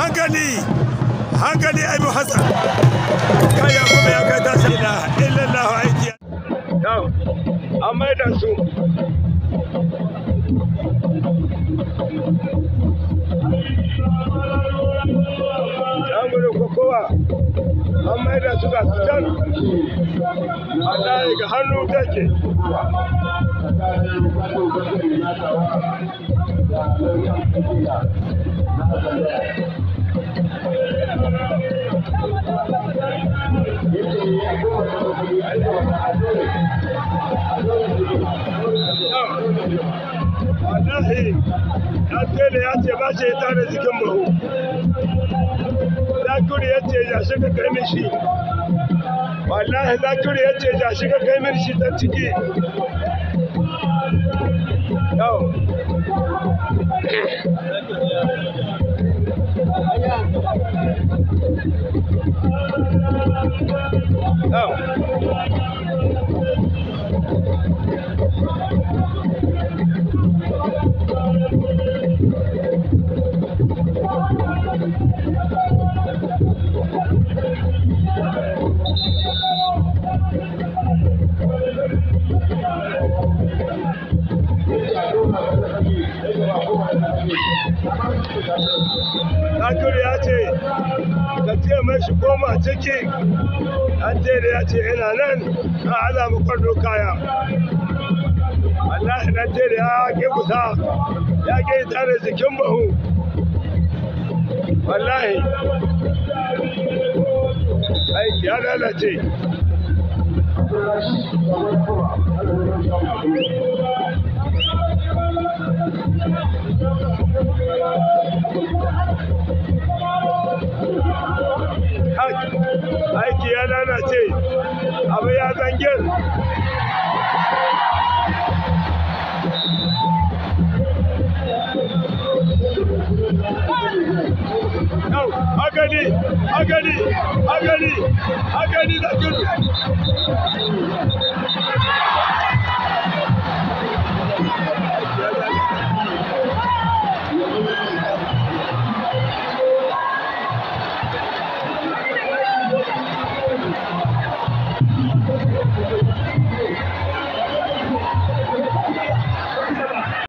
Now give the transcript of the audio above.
hankali hankali abu hassan kaya kuma ya kai tashi na illallahu aiki yau an maida su jamuru kokowa an maida su ga can allahi ga hannu take Thank you. wallahi ya tele ya ce ba shi ta da jikin mahu zakuri ya ce ya shiga kai mishi wallahi zakuri ya ce ya shiga kai mishi ta ciki yau Thank you. Não. Não. Takur ya ce, ka ce mai shi koma ciki, an ya ce ina nan ka ala mu kwallo kaya. Allah na ce ya ke kusa, ya ke tare jikin bahu. Wallahi, aiki ya lalace. ce abu ya zangin Agani! Agani! Agani agadi da gudu